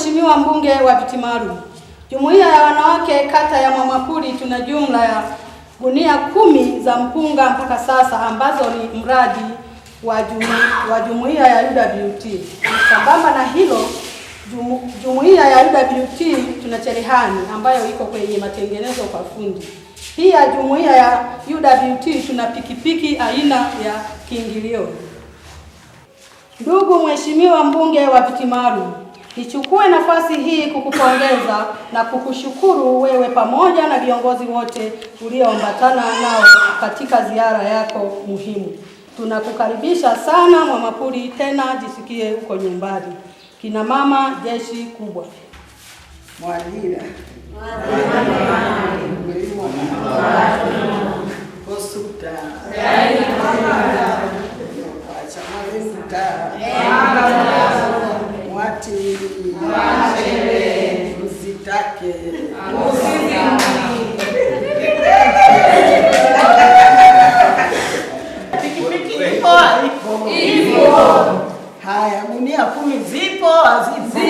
Mheshimiwa mbunge wa viti maalum, jumuiya ya wanawake kata ya Mwamapuli tuna jumla ya gunia kumi za mpunga mpaka sasa ambazo ni mradi wa jumuiya wa jumuiya ya UWT. Sambamba na hilo, jumuiya ya UWT tuna cherehani ambayo iko kwenye matengenezo kwa fundi. Pia jumuiya ya UWT tuna pikipiki aina ya kiingilio. Ndugu Mheshimiwa mbunge wa viti maalum Nichukue nafasi hii kukupongeza na kukushukuru wewe pamoja na viongozi wote ulioambatana nao katika ziara yako muhimu. Tunakukaribisha sana Mwamapuli, tena jisikie uko nyumbani. Kina mama jeshi kubwa. Mwadira. Mwadira. Mwadira. Mwadira. Haya, gunia kumi zipo hazipo?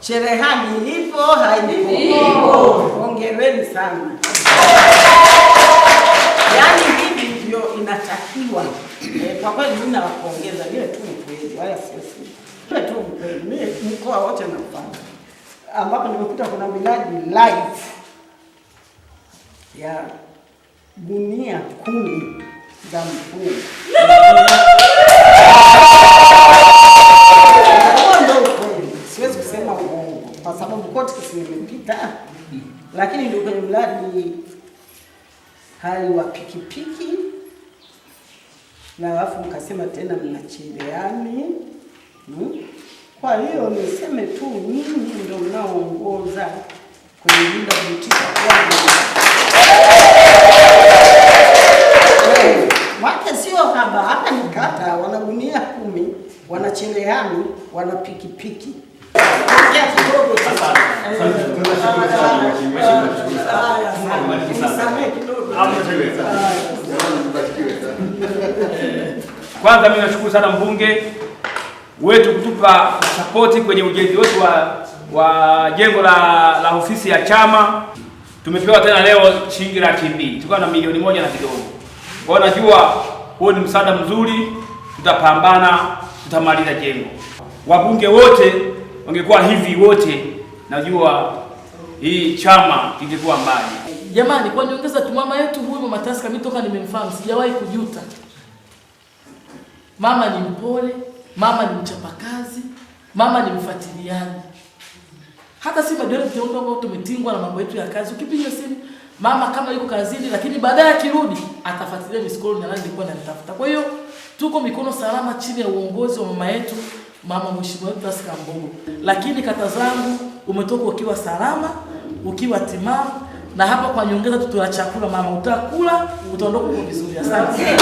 Cherehani ipo haipo? Hongereni sana. Yaani hivi ndio inatakiwa. Eh, kwa kweli mimi nawapongeza, niwe tu mkweli, haya sisi niwe tu mkweli, mimi mkoa wote naupanga, ambapo nimekuta kuna miradi live ya gunia kumi za mkuu mradi hai wa pikipiki, na alafu mkasema tena mnacheleani hmm? Kwa hiyo niseme tu nyinyi ndio mnaoongoza kwenye Linda Boutique wake, sio haba hata nikata, wanagunia kumi, wanacheleani, wana pikipiki kwanza mimi nashukuru sana mbunge wetu kutupa sapoti kwenye ujenzi wetu wa, wa jengo la, la ofisi ya chama. Tumepewa tena leo shilingi laki mbili tulikuwa na milioni moja na kidogo. Kwa hiyo najua huo ni msaada mzuri, tutapambana, tutamaliza jengo. Wabunge wote wangekuwa hivi wote, najua hii chama ingekuwa mbali. Jamani, kwa niongeza tu mama yetu huyu mama Taska, mimi toka nimemfahamu sijawahi kujuta. Mama ni mpole, mama ni mchapakazi, mama ni mfuatiliaji. Hata si madereva tunaona tumetingwa na mambo yetu ya kazi. Ukipiga simu mama kama yuko kazini, lakini baadaye akirudi atafuatilia misikolo na nani alikuwa anamtafuta. Kwa hiyo tuko mikono salama chini ya uongozi wa mama yetu, mama mheshimiwa wetu Pascal Mbugu. Lakini kata zangu, umetoka ukiwa salama, ukiwa timamu, na hapa kwa nyongeza tutoa chakula mama, utakula utaondoka vizuri. Asante.